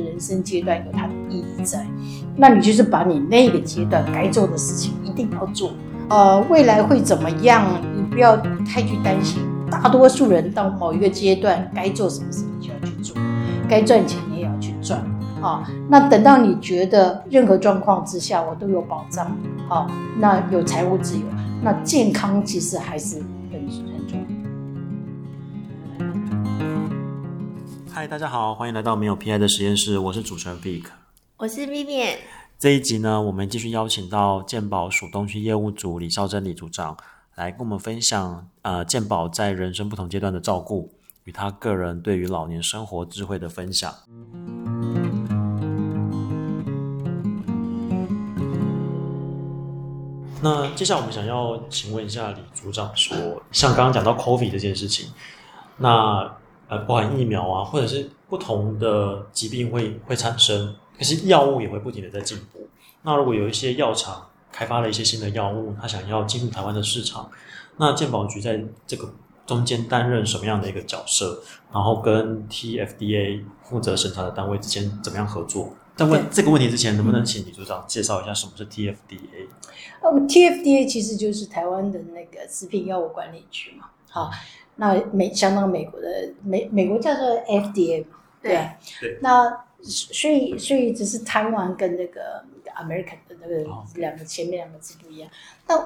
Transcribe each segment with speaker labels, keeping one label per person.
Speaker 1: 人生階段有它的意義在，那你就是把你那個階段該做的事情一定要做。呃，未來會怎麼樣，你不要太去擔心。大多數人到某一個階段該做什麼事，你就要去做，該賺錢你也要去賺。啊，那等到你覺得任何狀況之下我都有保障，好，啊，那有財務自由，那健康其實還是。
Speaker 2: 大家好，歡迎來到沒有 PI 的實驗室，我是主持人 Vic，
Speaker 3: 我是 Vivian。
Speaker 2: 這一集呢，我們繼續邀請到健保署東區業務組李孝珍李組長來跟我們分享啊，健保在人生不同階段的照顧與他個人對於老年生活智慧的分享。嗯、那接下來我們想要請問一下李組長說，嗯、像剛剛講到 COVID 這件事情，那。嗯呃，包含疫苗啊，或者是不同的疾病會會產生，可是藥物也會不停的在進步。那如果有一些藥廠開發了一些新的藥物，他想要進入台灣的市場，那健保局在這個中間擔任什麼樣的一個角色？然後跟 TFDA 負責審查的單位之間怎麼樣合作？在問對這個問題之前，能不能請李組長介紹一下什麼是 TFDA？
Speaker 1: 呃，TFDA 其實就是台灣的那個食品藥物管理局嘛。好。那美相當於美國的美美國叫做 FDA。對，對對，那所以所以只是台灣跟那個 American 的那個兩個前面兩個字不一樣。Oh, okay.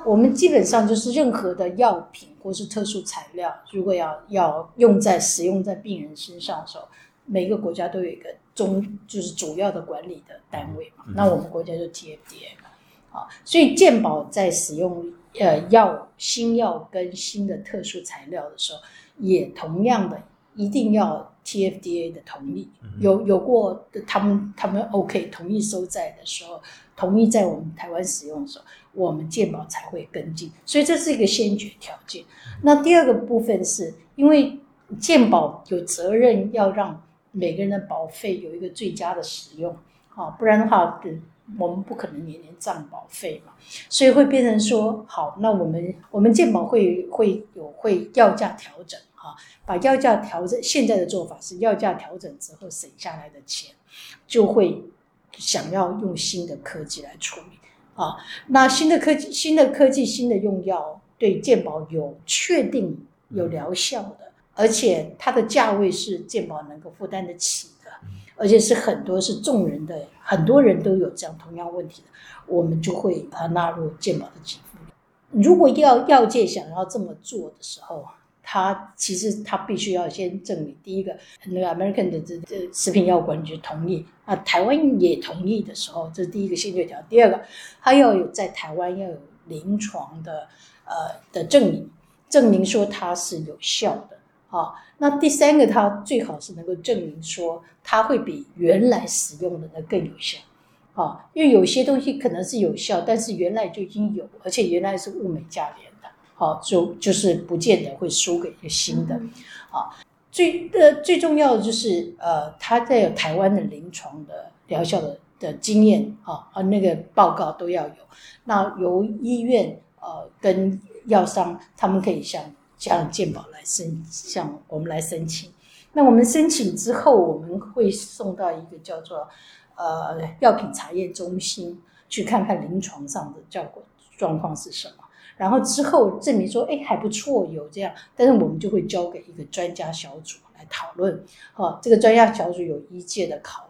Speaker 1: 那我們基本上就是任何的藥品或是特殊材料，如果要要用在使用在病人身上的時候，每個國家都有一個中就是主要的管理的單位嘛。Mm hmm. 那我們國家就 TFDA 嘛，好，所以健保在使用。呃，要新藥跟新的特殊材料的時候，也同樣的一定要 TFDA 的同意，有有過他們他們 OK 同意收載的時候，同意在我們台灣使用的時候，我們健保才會跟進，所以這是一個先決條件。那第二個部分是因為健保有責任要讓每個人的保費有一個最佳的使用，啊，不然的話。我們不可能年年漲保費嘛，所以會變成說，好，那我們我們健保會會有會藥價調整啊，把藥價調整。現在的做法是藥價調整之後省下來的錢，就會想要用新的科技來處理啊。那新的科技、新的科技、新的用藥對健保有確定有療效的，而且它的價位是健保能夠負擔得起。而且是很多是眾人的，很多人都有這樣同樣問題的，我們就會把它納入健保的給付。如果要藥界想要這麼做的時候，他其實他必須要先證明第一個，那個 American 的這食品藥管理局同意啊，那台灣也同意的時候，這是第一個先決條，第二個，他要有在台灣要有臨床的呃的證明，證明說它是有效的。好，那第三個，它最好是能夠證明說，它會比原來使用的那更有效。好，因為有些東西可能是有效，但是原來就已經有，而且原來是物美價廉的，好，就就是不見得會輸給一個新的。好、呃，最呃最重要的就是呃，它在台灣的臨床的療效的的經驗，啊、呃、那個報告都要有。那由醫院呃跟藥商他們可以向。向健保來申請，向我們來申請。那我們申請之後，我們會送到一個叫做呃藥品查驗中心去看看臨床上的效果狀況是什麼。然後之後證明說，哎、欸、還不錯，有這樣，但是我們就會交給一個專家小組來討論。好、哦，這個專家小組有醫界的考。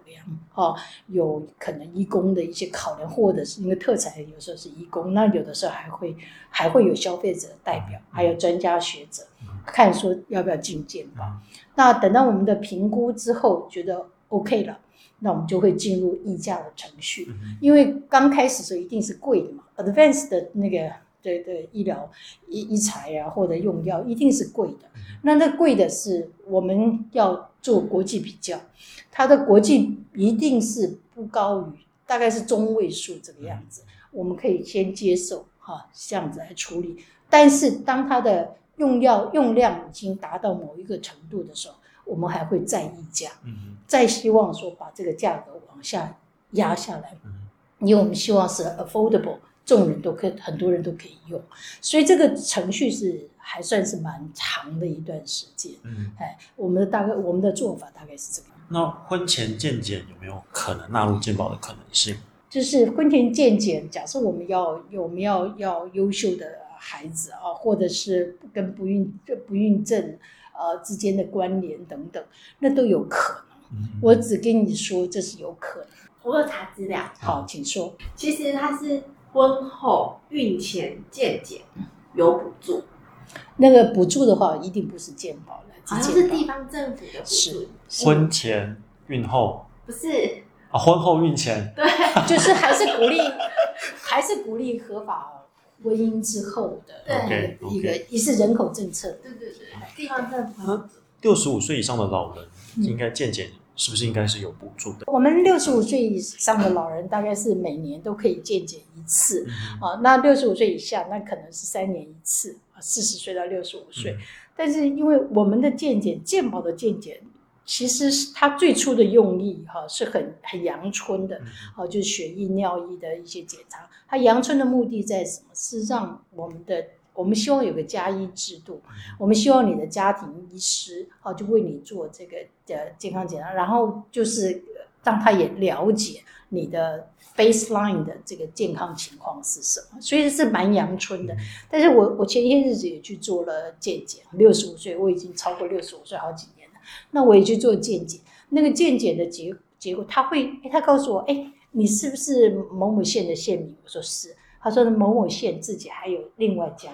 Speaker 1: 哦，有可能醫工的一些考量，或者是因為特材，有時候是醫工，那有的時候還會還會有消費者代表，還有專家學者，看說要不要進健保。那等到我們的評估之後，覺得 OK 了，那我們就會進入議價的程序。因為剛開始時候一定是貴的嘛、嗯、，advance 的那個的對，對，對，醫療醫醫材啊，或者用藥一定是貴的。那那貴的是我們要。做國際比較，它的國際一定是不高於，大概是中位數這個樣子，嗯、我們可以先接受哈，這樣子來處理。但是當它的用藥用量已經達到某一個程度的時候，我們還會再議價，嗯、再希望說把這個價格往下壓下來，嗯、因為我們希望是 affordable，眾人都可以，很多人都可以用，所以這個程序是。還算是蠻長的一段時間，嗯，哎，我們的大概我們的做法大概是這個。
Speaker 2: 那婚前健檢，有沒有可能納入健保的可能性？
Speaker 1: 就是婚前健檢，假設我們要有沒有要優秀的孩子啊、呃，或者是跟不孕不孕症呃之間的關聯等等，那都有可能。嗯嗯，我只跟你說這是有可能。我有查資料。好，好，請說。其實它是婚後孕前健檢有補助。嗯那個補助的話，一定不是健保的，好像是地方政府的補助。是婚
Speaker 2: 前、孕後不是啊？婚後、孕前
Speaker 1: 對，就是還是鼓勵，還是鼓勵合法婚姻之後的對，一個也是人口政策。對對對，地方
Speaker 2: 政府。六十五歲以上的老人應該健檢，是不是應該是有補助的？我
Speaker 1: 們六十五歲以上的老人大概是每年都可以健檢一次啊，那六十五歲以下那可能是三年一次。四十歲到六十五歲，嗯、但是因為我們的健檢、健保的健檢，其實是它最初的用意哈、啊，是很很陽春的、嗯、啊，就是血液尿液的一些檢查。它陽春的目的在什麼？是讓我們的，我們希望有個家醫制度，嗯、我們希望你的家庭醫師啊，就為你做這個的健康檢查，然後就是讓他也了解你的。baseline 的這個健康情況是什麼？所以是蠻陽春的。但是我我前些日子也去做了健檢，六十五歲我已經超過六十五歲好幾年了。那我也去做健檢，那個健檢的結結果，結果他會，他告訴我，欸，你是不是某某縣的縣民？我說是。他說某某縣自己還有另外一家。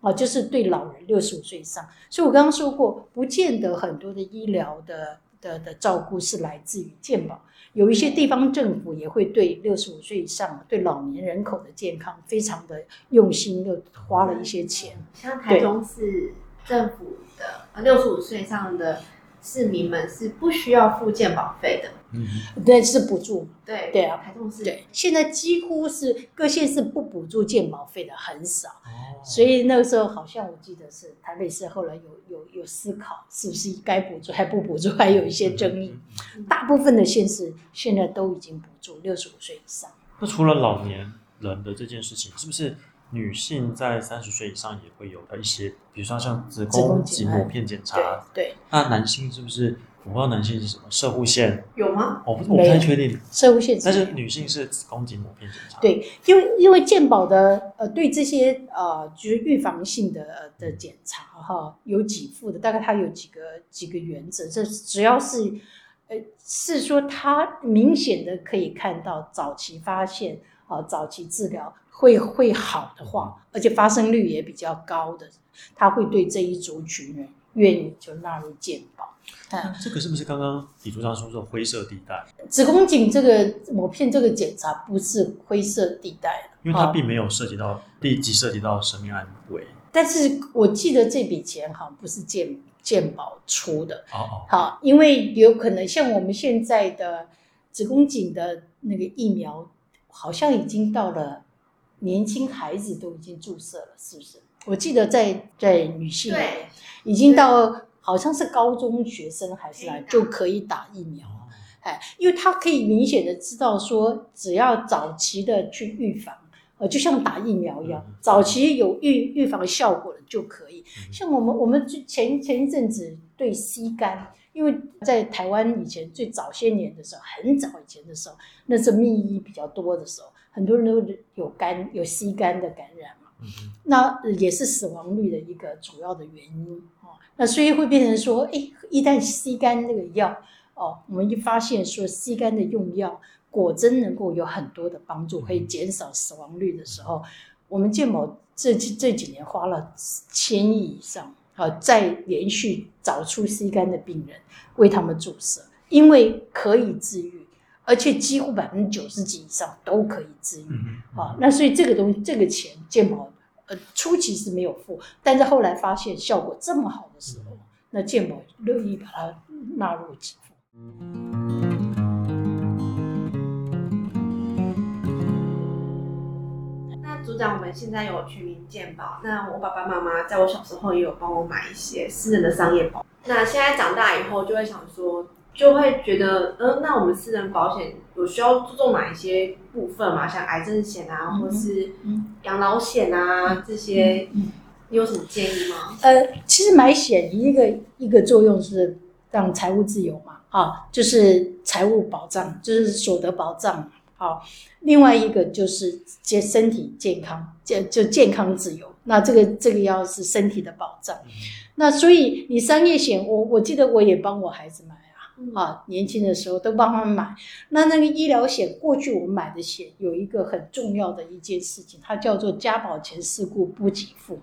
Speaker 1: 哦，就是對老人六十五歲以上。所以我剛剛說過，不見得很多的醫療的的的照顧是來自於健保。有一些地方政府也會對六十五歲以上、對老年人口的健康非常的用
Speaker 3: 心，又花了一些錢，嗯。像台中市政府的，六十五歲以上的市民們是不需要付健保費的，嗯，對，是補助，
Speaker 1: 對對啊，台中市對，現在幾乎是各縣市不補助健保費的很少。所以那個時候好像我記得是，台北市後來有有有思考，是不是該補助還不補助，還有一些爭議。嗯嗯嗯嗯、大部分的縣市現在都已經補助六十五歲以上。那除
Speaker 2: 了老年人的這件事情，是不是女性在三十歲以上也會有的一些，比如說像子宮頸抹片檢查對？對。那男性是不是？主要男性是什麼？攝護腺。有嗎？我不，沒我不太確定攝護腺。但是女性是子宮頸抹片檢查，嗯。
Speaker 1: 對，因為因為健保的呃，對這些呃，就是預防性的，呃、的檢查哈，哦，有給付的。大概它有幾個幾個原則，這只要是，嗯，呃，是說它明顯的可以看到早期發現啊，呃，早期治療會會好的話，嗯，而且發生率也比較高的，它會對這一族群呢願意就納入健保。啊啊、這個
Speaker 2: 是不是剛剛底圖上說的灰色地帶？子宮
Speaker 1: 頸這個抹片這個檢查不是灰色地帶，
Speaker 2: 因為它並沒有涉及到，哦、立即涉及到生命安危。位。
Speaker 1: 但是我記得這筆錢好像不是健、健保出的。嗯、好，哦、因為有可能像我們現在的子宮頸的那個疫苗，好像已經到了年輕孩子都已經注射了，是不是？我記得在在女性對已經到。好像是高中學生還是啊就可以打疫苗，哎，因為他可以明顯的知道說，只要早期的去預防，呃，就像打疫苗一樣，早期有預預防效果的就可以。像我們我們就前前一陣子對 B 肝，因為在台灣以前最早些年的時候，很早以前的時候，那是密醫比較多的時候，很多人都有肝，有 B 肝的感染。那也是死亡率的一個主要的原因，那所以會變成說，誒，一旦 C 肝這個藥哦，我們一發現說 C 肝的用藥果真能夠有很多的幫助，可以減少死亡率的時候，我們健保這這幾年花了千億以上啊，再連續找出 C 肝的病人，為他們注射，因為可以治癒。而且幾乎百分之九十幾以上都可以治癒，啊，那所以這個東西，這個錢健保呃初期是沒有付，但是後來發現效果這麼好的時候，那健保樂意把它納入支付。
Speaker 3: 那組長，我們現在有全民健保，那我爸爸媽媽在我小時候也有幫我買一些私人的商業保，那現在長大以後就會想說。就會覺得，嗯、呃，那我們私人保險有需要注重哪一些部分嘛？像癌症險啊，或是
Speaker 1: 嗯，
Speaker 3: 養老險啊這些，你有什麼建議嗎？嗯
Speaker 1: 嗯嗯嗯、呃，其實買險一個一個作用是讓財務自由嘛，啊，就是財務保障，就是所得保障，好、啊，另外一個就是健身體健康，健就健康自由。那這個這個要是身體的保障，那所以你商業險，我我記得我也幫我孩子買。啊，年輕的時候都幫他們買。那那個醫療險，過去我們買的險有一個很重要的一件事情，它叫做“加保前事故不給付”，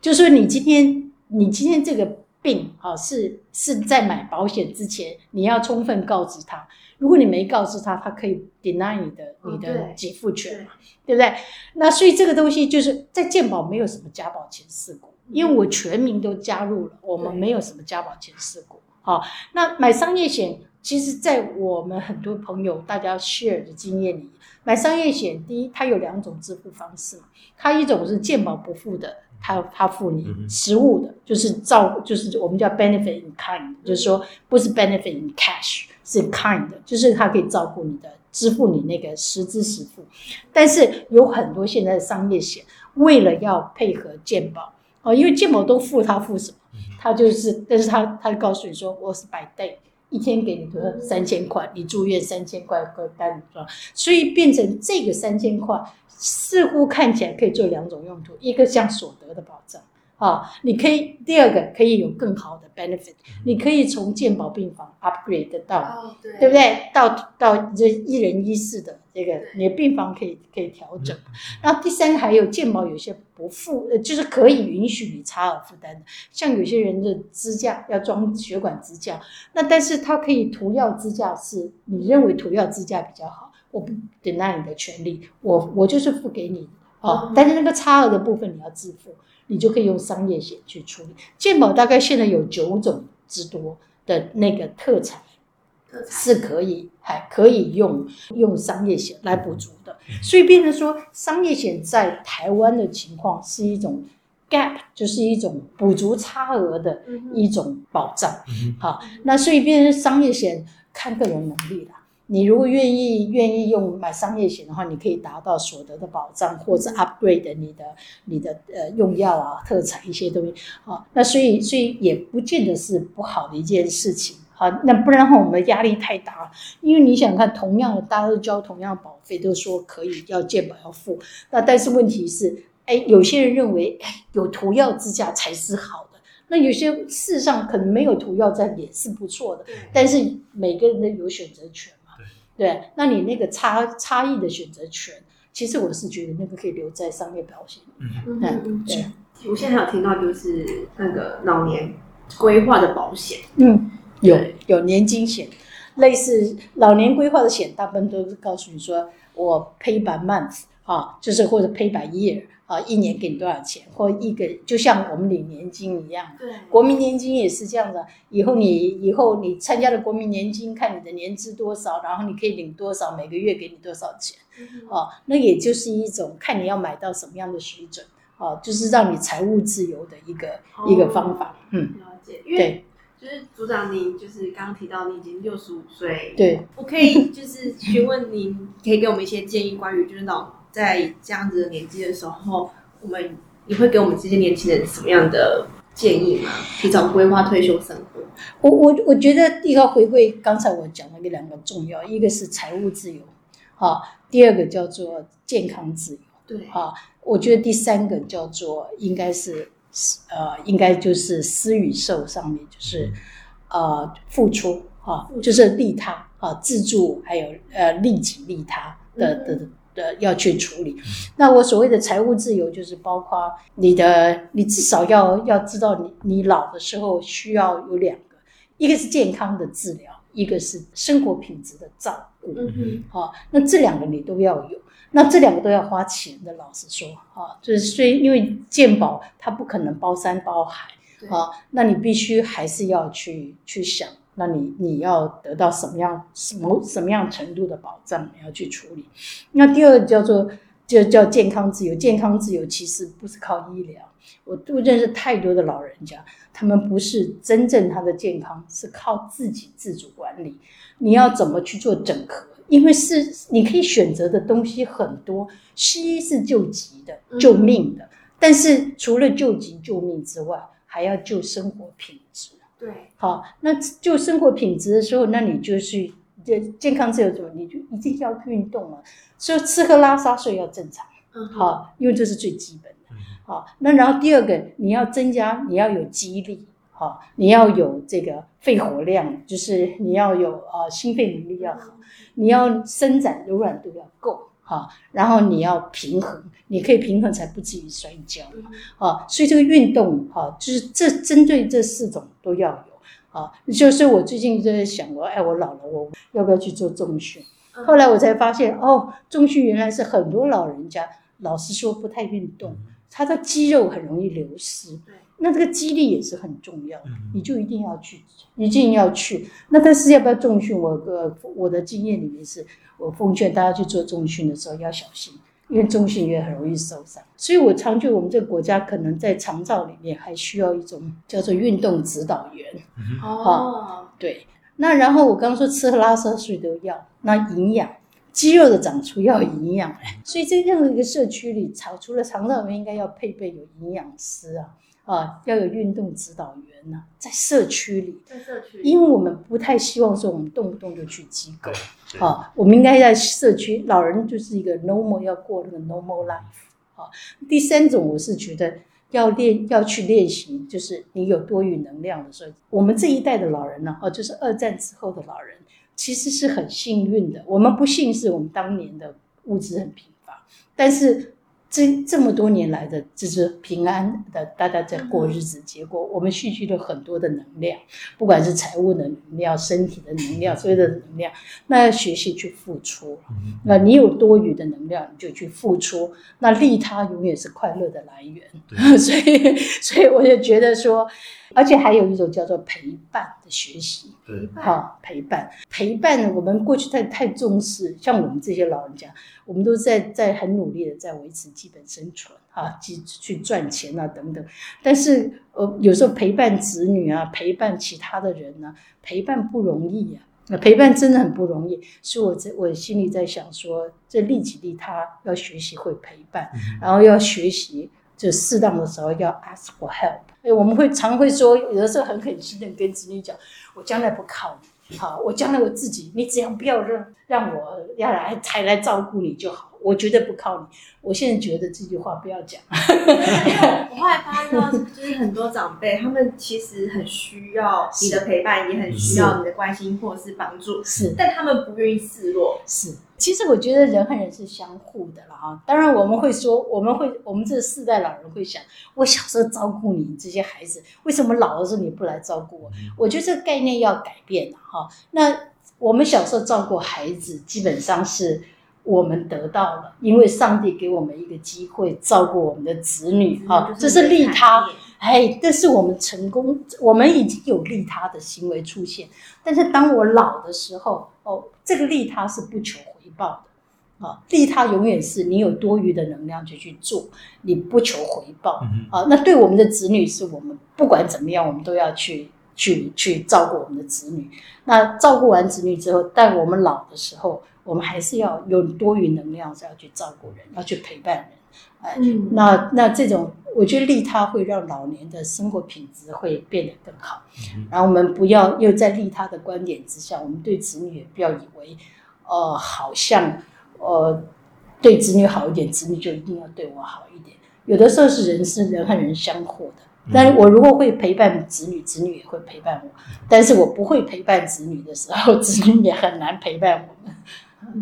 Speaker 1: 就是說你今天你今天這個病啊，是是在買保險之前你要充分告知他，如果你沒告訴他，他可以 deny 你的、啊、你的給付權嘛，是對不對？那所以這個東西就是在健保沒有什麼加保前事故，因為我全民都加入了，我們沒有什麼加保前事故。嗯對好，那買商業險，其實在我們很多朋友大家 share 的經驗裡，買商業險，第一，它有兩種支付方式嘛，它一種是健保不付的，它它付你實、mm hmm. 物的，就是照，就是我們叫 benefit in kind，、mm hmm. 就是說不是 benefit in cash，是 in kind 的，就是它可以照顧你的，支付你那個實支實付。但是有很多現在的商業險，為了要配合健保。哦，因為健保都付，他付什麼？他就是，但是他他告訴你說，我是 per day，一天給你多少三千塊，你住院三千塊可以單子裝，所以變成這個三千塊似乎看起來可以做兩種用途，一個像所得的保障啊、哦，你可以第二個可以有更好的 benefit，你可以從健保病房 upgrade 到，哦、對,對不對？到到這一人一室的。這個你的病房可以可以調整，然後第三還有健保有些不付，就是可以允許你差額負擔的，像有些人的支架要裝血管支架，那但是它可以塗藥支架是，是你認為塗藥支架比較好，我不 deny 你的權利，我我就是付給你啊，但是那個差額的部分你要自付，你就可以用商業險去處理。健保大概現在有九種之多的那個特產是可以還可以用用商業險來補足的，所以變成說商業險在台灣的情況是一種 gap，就是一種補足差額的一種保障。好，那所以變成商業險看個人能力了。你如果願意願意用買商業險的話，你可以達到所得的保障或者 upgrade 你的你的呃用藥啊特材一些東西。好，那所以所以也不見得是不好的一件事情。好，那不然的話，我們的壓力太大了。因為你想看，同樣的大家都交同樣的保費，都說可以要健保要付。那但是問題是，哎，有些人認為哎有塗藥支架才是好的。那有些事實上可能沒有塗藥在也是不錯的。但是每個人都有選擇權嘛。對。那你那個差差異的選擇權，其實我是覺得那個可以留在商業保險。嗯嗯嗯。
Speaker 2: 對。我現在還
Speaker 1: 有聽到就是那個老年規劃的保險。嗯。有有年金險，類似老年規劃的險，大部分都是告訴你說，我 pay by month 啊，就是或者 pay by year 啊，一年給你多少錢，或一個就像我們領年金一樣，對，國民年金也是這樣的。以後你以後你參加了國民年金，看你的年資多少，然後你可以領多少，每個月給你多少錢，哦，那也就是一種看你要買到什麼樣的水準，哦，就是讓你財務自由的一個一個方法，嗯，了解，對。
Speaker 3: 就是組長，你就是剛剛提到你已經六十五歲，對，我可以就是詢問您，可以給我們一些建議，關於就是老在這樣子的年紀的時候，我們你會給我們這些年輕人什麼樣的建議嗎？提早規劃退休生活，
Speaker 1: 我我我覺得第一個回歸剛才我講的那兩個重要，一個是財務自由，啊、哦，第二個叫做健康自由，對，啊、哦，我覺得第三個叫做應該是。是呃，應該就是施與受上面就是呃付出啊、哦，就是利他啊、哦，自助還有呃利己利他的的的、的要去處理。那我所謂的財務自由，就是包括你的，你至少要要知道你你老的時候需要有兩個，一個是健康的治療，一個是生活品質的照顧。嗯哼，好、哦，那這兩個你都要有。那這兩個都要花錢的，老實說啊，就是所以因為健保它不可能包山包海對啊，那你必須還是要去去想，那你你要得到什麼樣、什麼什麼樣程度的保障，你要去處理。那第二個叫做就叫健康自由，健康自由其實不是靠醫療，我都認識太多的老人家，他們不是真正他的健康是靠自己自主管理，你要怎麼去做整合？嗯因為是你可以選擇的東西很多，西醫是救急的、救命的，嗯、哼但是除了救急、救命之外，還要救生活品質。對，好，那救生活品質的時候，那你就去、是、健、嗯、健康自由的時候，你就一定要運動了。所以吃喝拉撒睡要正常，嗯、哼好，因為這是最基本的。嗯、哼好，那然後第二個，你要增加，你要有肌力。好，你要有這個肺活量，就是你要有啊心肺能力要好，你要伸展柔軟度要夠哈，然後你要平衡，你可以平衡才不至於摔跤嘛，所以這個運動哈，就是這針對這四種都要有啊。就是我最近就在想過，哎，我哎我老了，我要不要去做重訓？後來我才發現哦，重訓原來是很多老人家老是說不太運動。他的肌肉很容易流失，對那這個肌力，也是很重要的，嗯、哼你就一定要去，一定要去。那但是要不要重訓？我呃，我的經驗裡面是，我奉勸大家去做重訓的時候要小心，因為重訓也很容易受傷。嗯、哼所以我常覺得我們這個國家可能在長照裡面還需要一種叫做運動指導員。哦，對。那然後我剛說吃、喝、拉、撒、睡都要，那營養。肌肉的長出要營養，嗯、所以在這樣的一個社區裡，除了長照，我們應該要配備有營養師啊，啊，要有運動指導員啊，在社區裡，在社區，因為我們不太希望說我們動不動就去機構，嗯、啊，我們應該在社區。老人就是一個 normal 要過那個 normal life。嗯、啊，第三種我是覺得要練要去練習，就是你有多餘能量的時候，我們這一代的老人呢、啊，哦、啊，就是二戰之後的老人。其實是很幸運的。我們不幸是我們當年的物質很貧乏，但是這這麼多年來的就是平安的，大家在過日子。結果我們蓄積了很多的能量，不管是財務的能量、身體的能量、所有的能量，那要學習去付出。那你有多餘的能量，你就去付出。那利他永遠是快樂的來源。對 所以，所以我就覺得說，而且還有一種叫做陪伴的學習。對，哈，陪伴。陪伴我們過去太太重視，像我們這些老人家，我們都在在很努力的在維持基本生存啊，去去賺錢啊等等。但是呃，有時候陪伴子女啊，陪伴其他的人呢、啊，陪伴不容易啊，陪伴真的很不容易。所以我在我心裡在想說，這利己利他要學習會陪伴，然後要學習，就適當的時候要 ask for help。哎，我們會常會說，有的時候很狠心的跟子女講，我將來不靠你。好，我將來我自己，你只要不要讓讓我要來才來照顧你就好。我絕對不靠你。我現在覺得這句話不要講。
Speaker 3: 我後來發現，就是很多長輩，他們其實很需要你的陪伴，是也很需要你的關心或者是幫助，是，但他們不願意示弱，是。其實
Speaker 1: 我覺得人和人是相互的啦。哈。當然我們會說，我們會，我們這四代老人會想，我小時候照顧你這些孩子，為什麼老了時候你不來照顧我？嗯、我覺得這個概念要改變哈。那我們小時候照顧孩子，基本上是我們得到了，因為上帝給我們一個機會照顧我們的子女哈，這是利他。哎、嗯，這、就是、是我們成功，我們已經有利他的行為出現。但是當我老的時候，哦，這個利他是不求。回報的啊，利他永遠是你有多餘的能量就去，去做，你不求回報，嗯、啊。那對我們的子女，是我們不管怎麼樣，我們都要去去去照顧我們的子女。那照顧完子女之後，但我們老的時候，我們還是要有多餘能量，是要去照顧人，要去陪伴人。哎、嗯啊，那那這種，我覺得利他會讓老年的生活品質會變得更好。嗯、然後我們不要又在利他的觀點之下，我們對子女也不要以為。哦、呃，好像，呃，對子女好一點，子女就一定要對我好一點。有的時候是人是人和人相互的。但是我如果會陪伴子女，子女也會陪伴我。但是我不會陪伴子女的時候，子女也很難陪伴我。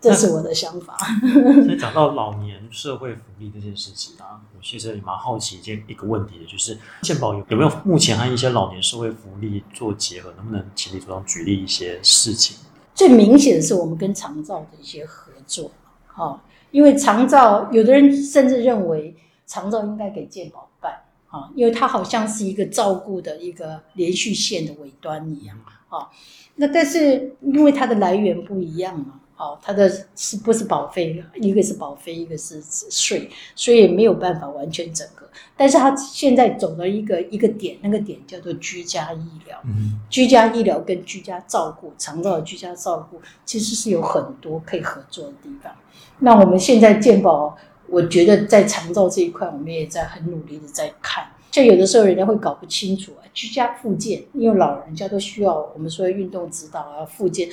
Speaker 1: 這是我的想法。所
Speaker 2: 以講到老年社會福利這件事情啊，我其實也蠻好奇一件一個問題的，就是健保有有沒有目前和一些老年社會福利做結合，能不能請你組長舉例一些事情？
Speaker 1: 最明顯的是我們跟長照的一些合作，哦，因為長照有的人甚至認為長照應該給健保辦，哦，因為它好像是一個照顧的一個連續線的尾端一樣，啊，那但是因為它的來源不一樣嘛。哦，它的是不是保費？一個是保費，一個是稅，所以沒有辦法完全整合。但是它現在走到一個一個點，那個點叫做居家醫療。嗯，居家醫療跟居家照顧，長照的居家照顧其實是有很多可以合作的地方。那我們現在健保，我覺得在長照這一塊，我們也在很努力的在看。像有的時候，人家會搞不清楚啊，居家復健，因為老人家都需要我們說運動指導啊，復健。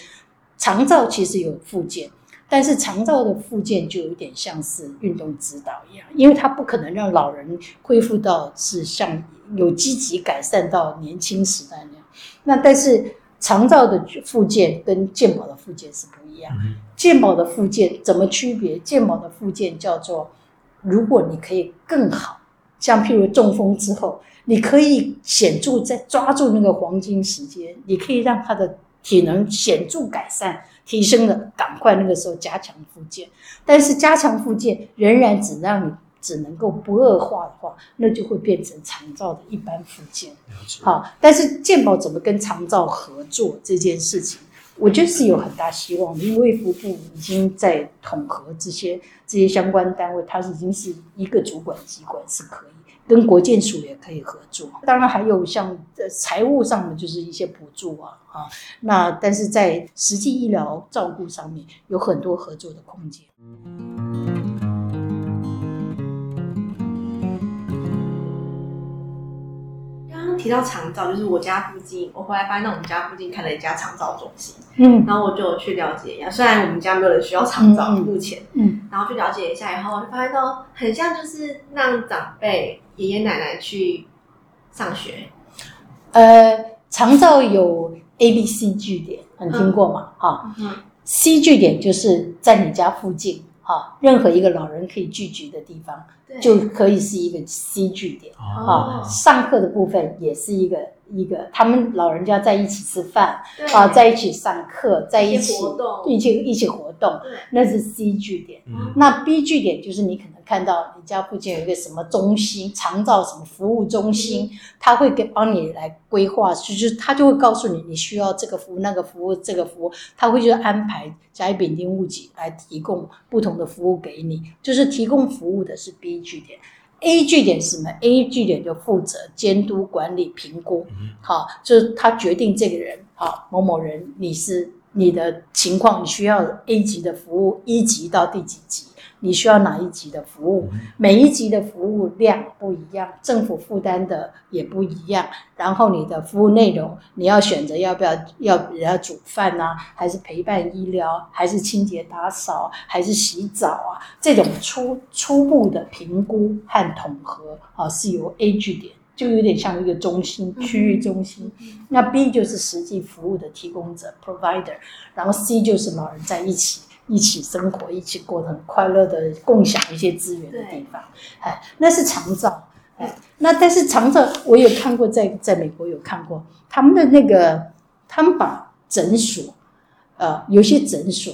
Speaker 1: 長照其實有復健，但是長照的復健就有點像是運動指導一樣，因為它不可能讓老人恢復到是像有積極改善到年輕時代那樣。那但是長照的復健跟健保的復健是不一樣。嗯、健保的復健怎麼區別？健保的復健叫做，如果你可以更好，像譬如中風之後，你可以顯著再抓住那個黃金時間，你可以讓他的。體能顯著改善，提升了，趕快那個時候加強復健。但是加強復健仍然只讓你只能夠不惡化的話，那就會變成長照的一般復健。了解。好，但是健保怎麼跟長照合作這件事情，我覺得是有很大希望，因為衛福部已經在統合這些這些相關單位，它已經是一個主管機關是可以。跟國健署也可以合作，當然還有像財務上的，就是一些補助啊，啊，那但是在實際醫療照顧上面有很多合作的
Speaker 3: 空間。剛剛提到長照，就是我家附近，我後來發現到我們家附近開了一家長照中心，嗯，然後我就去了解一下，雖然我們家沒有人需要長照，嗯、目前，嗯，然後去了解一下以後，就發現到很像就是讓長輩。爺爺奶奶去上學，
Speaker 1: 呃，長照有 A、B、C 據點，你聽過嗎？哈，C 據點就是在你家附近，哈，任何一個老人可以聚集的地方，就可以是一個 C 據點。啊，上課的部分也是一個一個，他們老人家在一起吃飯啊，在一起上課，在一起一起一起活動，那是 C 據點。那 B 據點就是你可能。看到你家附近有一個什麼中心，長照什麼服務中心，他會給幫你來規劃，就是他就會告訴你，你需要這個服務、那個服務、這個服務，他會就安排甲乙丙丁戊己來提供不同的服務給你，就是提供服務的是 B 據點，A 據點是什麼？A 據點就負責監督管理評估，嗯、好，就是他決定這個人，好，某某人，你是你的情況，你需要 A 級的服務，一級到第幾級？你需要哪一級的服務？每一級的服務量不一樣，政府負擔的也不一樣。然後你的服務內容，你要選擇要不要要人家煮飯吶、啊，還是陪伴醫療？還是清潔打掃？還是洗澡啊？這種初初步的評估和統合啊，是由 A 據點，就有點像一個中心區域中心。嗯、那 B 就是實際服務的提供者 （provider），然後 C 就是老人在一起。一起生活，一起過得很快樂的，共享一些資源的地方，哎對，那是長照，哎，那但是長照，我有看過，在在美國有看過他們的那個，他們把診所，呃，有些診所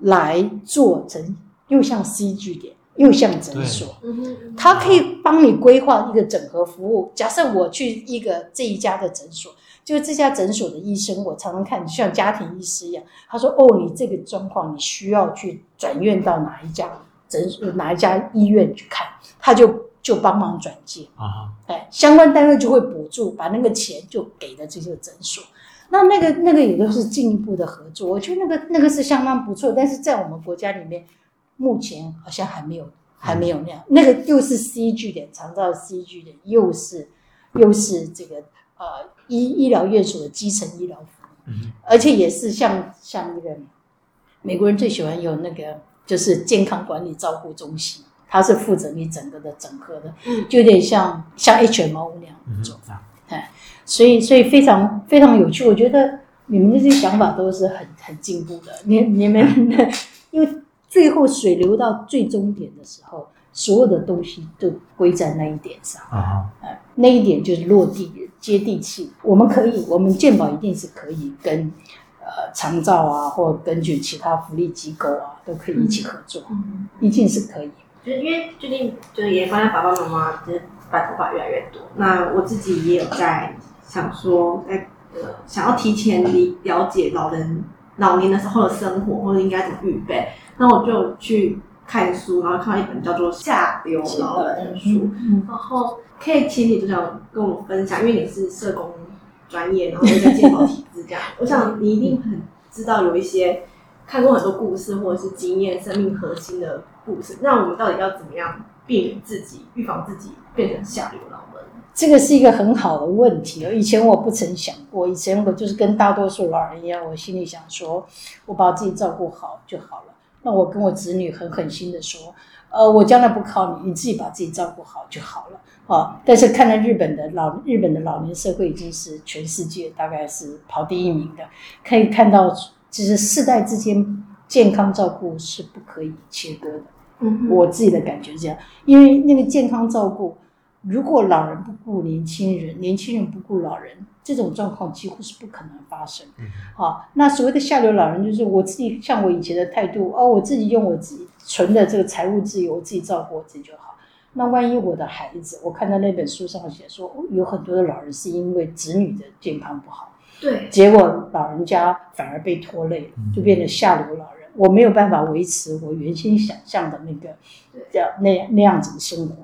Speaker 1: 來做診，又像 CG 點，又像診所，嗯哼對，他可以幫你規劃一個整合服務。假設我去一個這一家的診所。就這家診所的醫生，我常常看像家庭醫師一樣，他說：“哦，你這個狀況，你需要去轉院到哪一家診所，哪一家醫院去看？”他就就幫忙轉介啊、uh huh.，相關單位就會補助，把那個錢就給了這些診所。那那個那個也都是進一步的合作，我覺得那個那個是相當不錯。但是在我們國家裡面，目前好像還沒有還沒有那樣。Uh huh. 那個又是 C G 點長照 C G 點，又是又是這個呃。醫醫療院所的基層醫療服務，而且也是像像一個美國人最喜歡有那個就是健康管理照顧中心，它是負責你整個的整合的，就有點像像 HMO 那樣的做法，哎，所以所以非常非常有趣，我覺得你們這些想法都是很很進步的，你你們因為最後水流到最終點的時候，所有的東西都歸在那一點上啊，那一點就是落地。接地氣，我們可以，我們健保一定是可以跟，呃，長照啊，或根據其他福利機構啊，都可
Speaker 3: 以一起合作，嗯嗯、一定是可以。就因為最近，就是也發現爸爸媽媽的白頭髮越來越多，那我自己也有在想說，誒想要提前了解老人老年的時候的生活，或者應該怎麼預備，那我就去。看書，然後看到一本叫做《下流老人》的書。嗯，嗯嗯、然後可以請你就想跟我們分享，因為你是社工專業，然後又在健保體制這樣， 我想你一定很知道有一些、嗯、看過很多故事或者是經驗，生命核心的故事。那我們到底要怎麼樣避免自己預防自己變成下流老人？
Speaker 1: 這個是一個很好的問題哦。以前我不曾想過，以前我就是跟大多數老人一樣，我心裡想說，我把我自己照顧好就好了。那我跟我子女很狠心的說，呃，我將來不靠你，你自己把自己照顧好就好了。啊，但是看到日本的老，日本的老年社會已經是全世界大概是跑第一名的，可以看到其實，世代之間健康照顧是不可以切割的。嗯哼我自己的感覺是這樣，因為那個健康照顧，如果老人不顧年輕人，年輕人不顧老人，這種狀況幾乎是不可能發生。好、嗯啊，那所謂的下流老人就是我自己，像我以前的態度，哦，我自己用我自己存的這個財務自由，我自己照顧我自己就好。那萬一我的孩子，我看到那本書上寫說，有很多的老人是因為子女的健康不好，對，結果老人家反而被拖累了，嗯、就變得下流老人，我沒有辦法維持我原先想象的那個叫那那樣子的生活，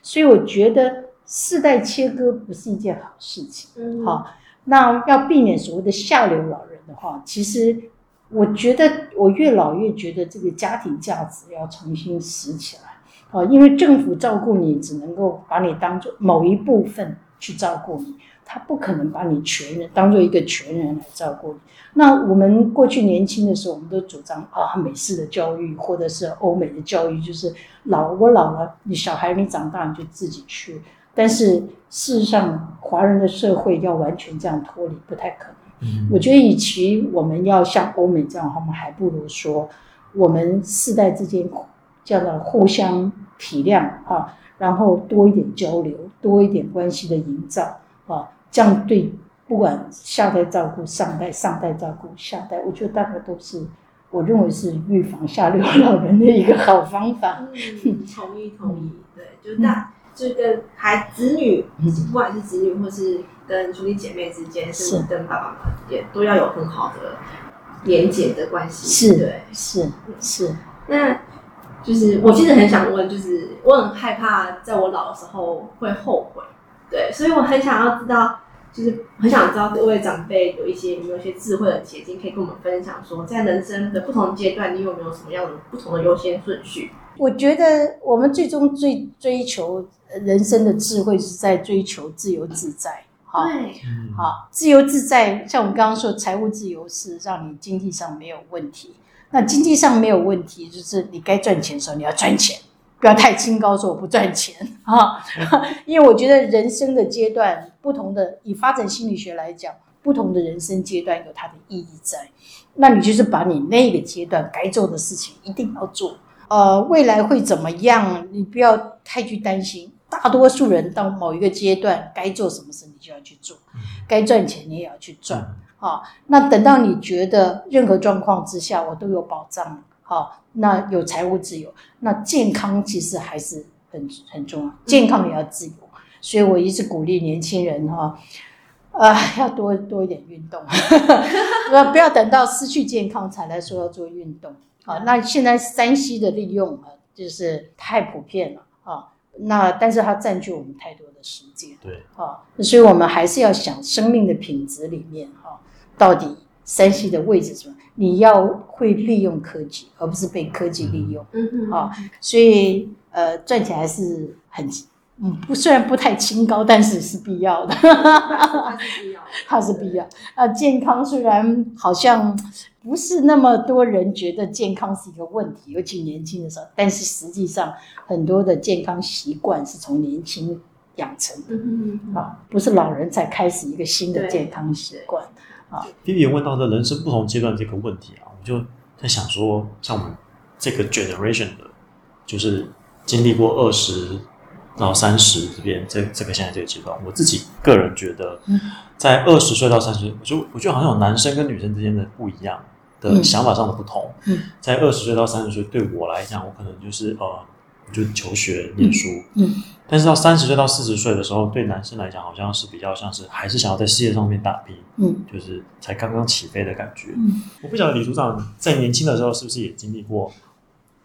Speaker 1: 所以我覺得。世代切割不是一件好事情，好，那要避免所謂的下流老人的話，其實我覺得我越老越覺得這個家庭價值要重新拾起來啊，因為政府照顧你，只能夠把你當做某一部分去照顧你，他不可能把你全人當做一個全人來照顧你。那我們過去年輕的時候，我們都主張啊，美式的教育或者是歐美的教育，就是老我老了，你小孩沒長大你就自己去。但是事實上，華人的社會要完全這樣脫離不太可能。我覺得，與其我們要像歐美這樣，我們還不如說，我們世代之間叫做互相體諒、啊、然後多一點交流，多一點關係的營造啊，這樣對不管下代照顧上代，上代照顧下代，我覺得大概都是我認為是預防下流老人的一個好
Speaker 3: 方法、嗯。同意，同意，對，就就是跟孩子、子女，不管是子女或是跟兄弟姐妹之間，是甚至跟爸爸媽媽之間都要有很好的連結的關係，是對，是、是。那就是我其實很想問，就是我很害怕在我老的時候會後悔，對，所以我很想要知道，就是很想知道各位長輩有一些有沒有一些智慧的結晶可以跟我們分享說，說在人生的不同階段，你有沒有什麼樣的不同的優先順序？
Speaker 1: 我覺得我們最終最追求人生的智慧是在追求自由自在。
Speaker 3: 哈對，好，啊，
Speaker 1: 自由自在。像我們剛剛說，財務自由是讓你經濟上沒有問題。那經濟上沒有問題，就是你該賺錢的時候你要賺錢，不要太清高說我不賺錢哈，啊，因為我覺得人生的階段不同的，以發展心理學來講，不同的人生階段有它的意義在。那你就是把你那個階段該做的事情一定要做。呃，未來會怎麼樣？你不要太去擔心。大多數人到某一個階段，該做什麼事你就要去做，該賺錢你也要去賺。好、嗯哦，那等到你覺得任何狀況之下我都有保障，好、哦，那有財務自由，那健康其實還是很很重要，健康也要自由。嗯、所以我一直鼓勵年輕人哈、哦，呃，要多多一點運動， 不要等到失去健康才來說要做運動。啊，那現在三 C 的利用啊，就是太普遍了啊。那但是它佔據我們太多的時間，對，啊，所以我們還是要想生命的品質裡面啊，到底三 C 的位置是什麼？你要會利用科技，而不是被科技利用。嗯嗯啊，所以呃，賺錢還是很嗯，不，雖然不太清高，但是是必要的。哈， 它是必要，哈對，是必要。啊，健康雖然好像。不是那麼多人覺得健康是一個問題，尤其年輕的時候。但是實際上，很多的健康習慣是從年輕養成的嗯嗯嗯嗯啊，不是老人才開始一個新的健康習慣對啊。
Speaker 2: 弟弟問到的人生不同階段這個問題啊，我就在想說，像我們這個 generation 的，就是經歷過二十。到三十這邊，這這個現在這個階段，我自己個人覺得，在二十歲到三十、嗯，我就我覺得好像有男生跟女生之間的不一樣的想法上的不同。嗯嗯、在二十歲到三十歲，對我來講，我可能就是呃，我就求學念書。嗯嗯、但是到三十歲到四十歲的時候，對男生來講，好像是比較像是還是想要在事業上面打拼。嗯，就是才剛剛起飛的感覺。嗯、我不曉得李組長在年輕的時候是不是也經歷過。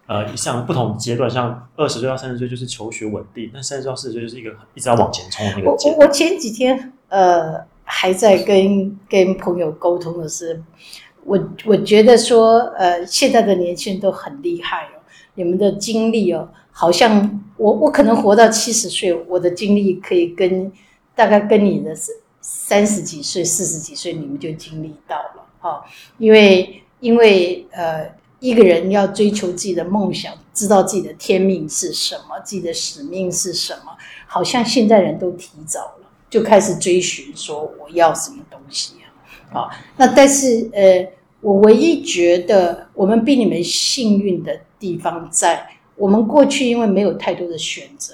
Speaker 2: 呃，像不同階段，像二十歲到三十歲就是求學穩定，但三十到四十歲就是一個一直要往前衝的一個階
Speaker 1: 段。我，我前幾天呃還在跟跟朋友溝通的是，我我覺得說呃現在的年輕人都很厲害哦，你們的經歷哦，好像我我可能活到七十歲，我的經歷可以跟大概跟你的三三十幾歲、四十幾歲你們就經歷到了哈、哦，因為因為呃。一個人要追求自己的夢想，知道自己的天命是什麼，自己的使命是什麼。好像現在人都提早了，就開始追尋說我要什麼東西啊？好、哦，那但是呃，我唯一覺得我們比你們幸運的地方在，在我們過去因為沒有太多的選擇，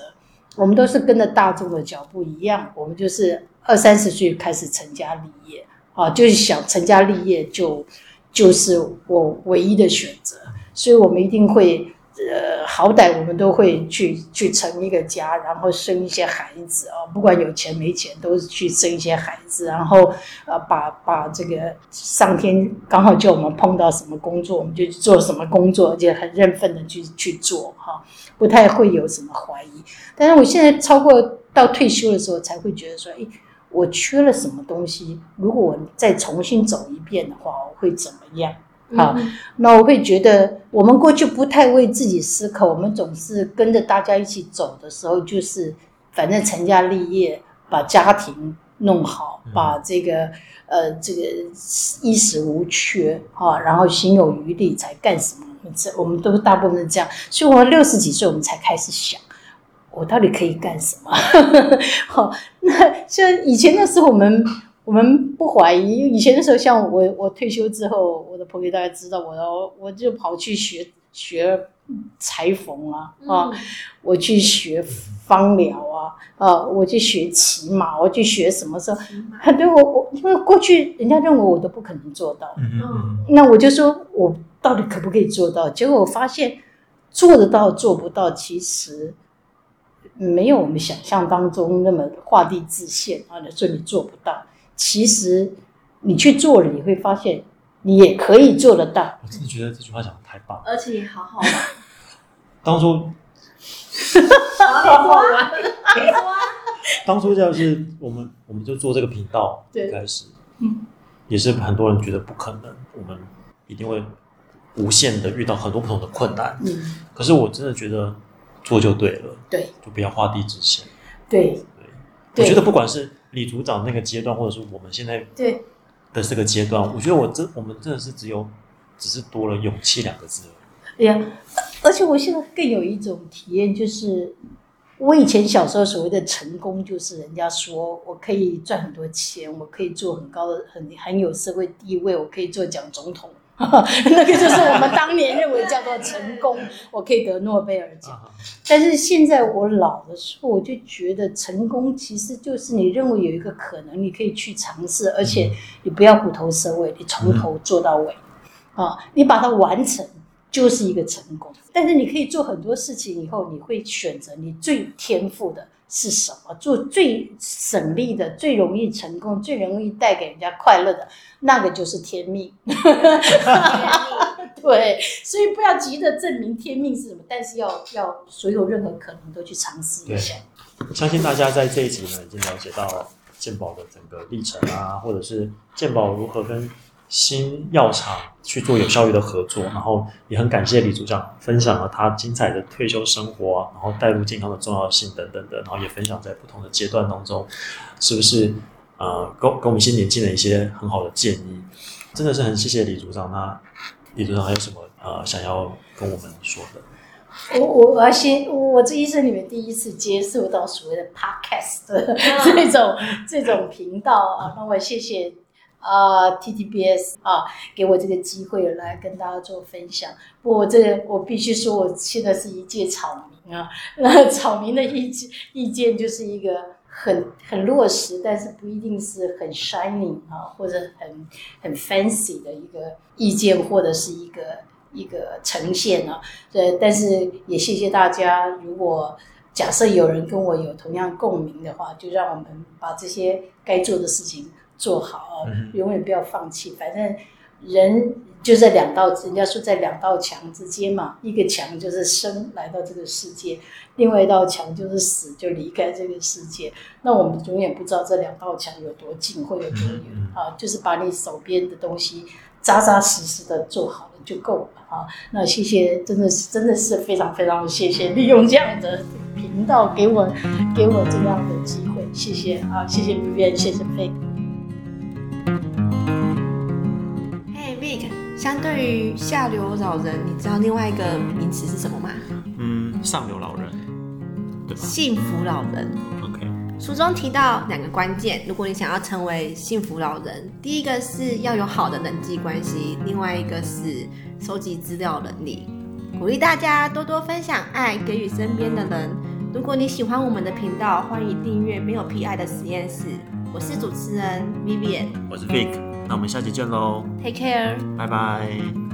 Speaker 1: 我們都是跟着大眾的腳步一樣，我們就是二三十歲開始成家立業，啊、哦，就是想成家立業就。就是我唯一的選擇，所以我們一定會，呃，好歹我們都會去去成一個家，然後生一些孩子啊、哦，不管有錢沒錢，都是去生一些孩子，然後呃，把把這個上天剛好叫我們碰到什麼工作，我們就做什麼工作，而且很認份的去去做哈、哦，不太會有什麼懷疑。但是我現在超過到退休的時候，才會覺得說，哎。我缺了什麼東西？如果我再重新走一遍的話，我會怎麼樣？嗯、啊，那我會覺得我們過去不太為自己思考，我們總是跟着大家一起走的時候，就是反正成家立業，把家庭弄好，把這個呃這個衣食無缺啊，然後心有餘力才幹什麼？這我們都大部分這樣，所以我們六十幾歲我們才開始想。我到底可以幹什麼？ 好，那像以前的時候，我們我們不懷疑。因為以前的時候，像我我退休之後，我的朋友大家知道，我我就跑去學學裁縫啊啊、嗯、啊，啊，我去學芳療啊啊，我去學騎馬，我去學什麼時候對馬我我因為過去人家認為我都不可能做到，嗯、那我就說我到底可不可以做到？結果我發現做得到做不到，其實。沒有我們想象當中那麼畫地自限啊！說你做不到，其實你去做了，你會發現你也可以做得到。嗯、我
Speaker 2: 真的覺得這句話講得太棒了，而且
Speaker 3: 好好
Speaker 2: 玩。 當初，哈哈哈哈當初就是我們，我們就做這個頻道對一開始，是，也是很多人覺得不可能，我們一定會無限的遇到很多不同的困難，嗯、可是我真的覺得。做就對了，對，就不要畫地自限。
Speaker 1: 對對，
Speaker 2: 對對，我覺得不管是李組長那個階段，或者是我們現在對的這個階段，對我覺得我真我們真的是只有只是多了勇氣兩個字
Speaker 1: 對呀、啊，而且我現在更有一種體驗，就是我以前小時候所謂的成功，就是人家說我可以賺很多錢，我可以做很高的、很很有社會地位，我可以做講總統。 那個就是我們當年認為叫做成功，我可以得諾貝爾獎。但是現在我老的時候，我就覺得成功其實就是你認為有一個可能，你可以去嘗試，而且你不要虎頭蛇尾，你從頭做到尾，啊，你把它完成就是一個成功。但是你可以做很多事情以後，你會選擇你最天賦的。是什麼做最省力的，最容易成功、最容易帶給人家快樂的，那個就是天命。 對，所以不要急着證明天命是什麼，但是要要所有任何可能都去嘗試一下。我
Speaker 2: 相信大家在這一集呢，已經了解到健保的整個歷程啊，或者是健保如何跟。新藥廠去做有效率的合作，然後也很感謝李組長分享了他精彩的退休生活，啊，然後帶入健康的重要性等等的，然後也分享在不同的階段當中，是不是呃，給給我們新年輕的一些很好的建議？真的是很謝謝李組長。那李組長還有什麼呃想要跟我們說的？
Speaker 1: 我我我要先，我，我這一生裡面第一次接受到所謂的 podcast，嗯、這種這種頻道，嗯、啊，那我謝謝。啊，TTBS 啊，uh, TTBS, uh, 給我這個機會來跟大家做分享。不過我這個、我必須說，我現在是一介草民啊。那草民的意見，意見就是一個很很落實，但是不一定是很 shining 啊，或者很很 fancy 的一個意見或者是一個一個呈現啊。對，但是也謝謝大家。如果假設有人跟我有同樣共鳴的話，就讓我們把這些該做的事情，做好啊，永遠不要放棄。反正人就在兩道，人家說在兩道牆之間嘛，一個牆就是生，來到這個世界，另外一道牆就是死，就離開這個世界。那我們永遠不知道這兩道牆有多近，會有多遠啊！就是把你手邊的東西扎扎實實的做好了就夠了啊。那謝謝，真的是真的是非常非常謝謝，利用這樣的頻道給我給我這樣的
Speaker 3: 機會，謝謝啊，嗯、謝謝 Vivian，謝謝 Faye。相對於下流老人，你知道另外一個名詞是什麼嗎？嗯，
Speaker 2: 上流老人，對吧？幸
Speaker 3: 福老人。OK。書中提到兩個關鍵，如果你想要成為幸福老人，第一個是要有好的人際關係，另外一個是收集資料能力。鼓勵大家多多分享愛，給予身邊的人。如果你喜歡我們的頻道，歡迎訂閱沒有 PI 的實驗室。我是主持人 Vivian，
Speaker 2: 我是 Vic。那我們下集見嘍，Take care，拜拜。